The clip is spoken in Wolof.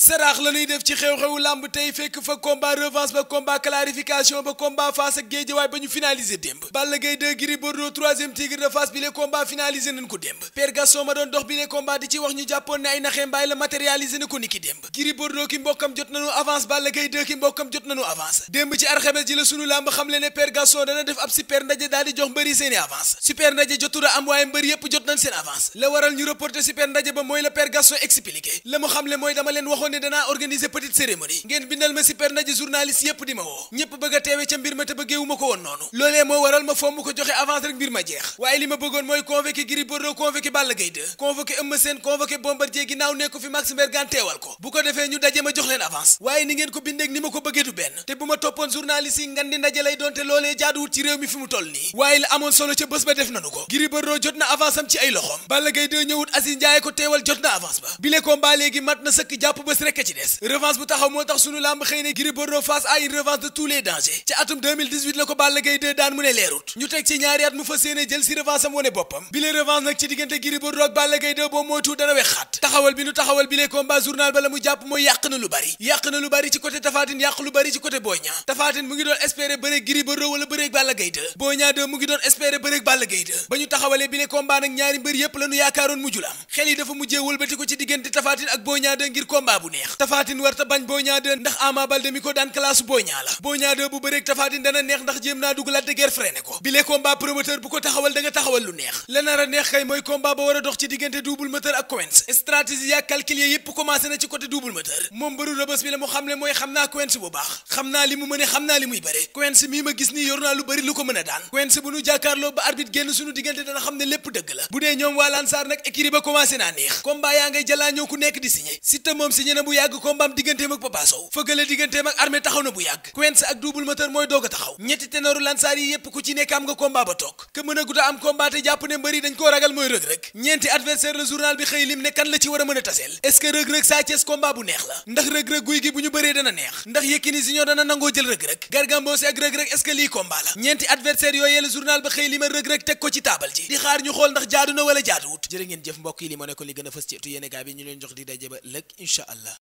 saraax la ñuy def ci xew-xewu làmb tey fekk fa combat revanche ba combat clarification ba combat face ak géejawaay ba ñu finalisé démb Balla Gaye 2 Gris Bordeaux troisième tigre de face bi le combat finalisé nañ ko démb Père Gaston ma doon dox bi le combat di ci wax ñu jàppoon ne ay naxee mbaay la matérialisé na ko niki démb Gris Bordeaux ki mbokkam jot nañu avance Balla Gaye 2 ki mbokkam jot nañu avance démb ci arxames ji la sunu làmb xam le ne Père Gaston dana def ab jot nañ seen avance la waral ñu reporté super ndaje ba mooy la waxoon ne danaa organiser petite cérémonie ngeen bindal ma si ndaje journaliste yépp di ma woo ñépp bëgg a teewe ca mbir ma te bëggeewu ma ko woon noonu loolee moo waral ma fomm ko joxe avance rek mbir ma jeex waaye li ma bëggoon mooy convoqué Gris Bordeaux convoqué Balla Gaye 2 convoqué Eumeu Sène convoqué Bombardier nekku fi Max Mbergane teewal ko bu ko defee ñu daje ma jox leen avance waaye ni ngeen ko bindeeg ni ma ko bëggee du benn te bu ma toppoon bés rekk ci des revanche bu taxaw moo tax sunu làmb xëy ne Gris face à une revanche de tous les dangers ci atum 2018 la ko Balla Gaye 2 daan mu ne leerut ñu teg ci ñaari mu fas yéene jël si revanche am wone boppam bi le nag ci diggante Gris ak Balla Gaye 2 boo mooy tuut dana wexaat taxawal bi nu taxawal bi les combats journal ba la mu jàpp mooy yàq na lu bari yàq na lu bari ci côté tafaatin yàq lu bari ci côté Boy Niang tafaatin mu ngi doon espérer bëreeg Gris Bordeaux wala bëreeg Balla Gaye 2 Boy Niang mu ngi doon espérer bëreeg Balla ba ñu taxawalee bi les combats nag ñaari mbër yépp la nu yaakaaroon mujjul am xel yi dafa mujjee wëlbati ko ci diggante tafaatin ak Boy Niang 2 ngir combat bu neex tafaatin war ta bañ Boy Niang 2 ndax Ama Baldé mi ko daan classe Boy Niang la Boy Niang 2 bu ndax jéem naa dugg Lac de Guiers freiné ko bi les taxawal lu neex la nar a neex kay mooy combat a dox ci diggante double moteur ak stratégie yaa calcul yëpp commencé na ci côté double moteur moom bëru rëbës bi la mu xam le mooy xam naa Quench bu baax xam naa li mu mëne xam naa li muy bëre Quench mii ma gis nii yor lu bëri lu ko mën a daan Quench bu nu jàkkaarloo ba arbitre génn suñu diggante dana xam ne lépp dëgg la bu dee ñoom waa Lansar nag écurie ba commencé naa neex combat yaa ngay jalaa ñëw ku nekk di signé Siteu moom signé na bu yàgg bu yàgg Quench ak doog am ci war a a taseel est-ce que rëg-rëg Sa combat bu neex la ndax rëg-rëg guy gi bu ñu bëree dana neex ndax Yékini Junior dana nangoo jël rëg-rëg Garga Mbossé ak rëg-rëg est-ce que lii combat la ñeenti adversaire yooyee la journal ba xëy li rëg-rëg teg ko ci taabal ji di xaar ñu xool ndax jaadu na wala jaaduwut jërë ngeen jëf mbokk yi li moo li gën a fës ci etu yéene gaa bi ñu leen jox di daje ba lëg incha allah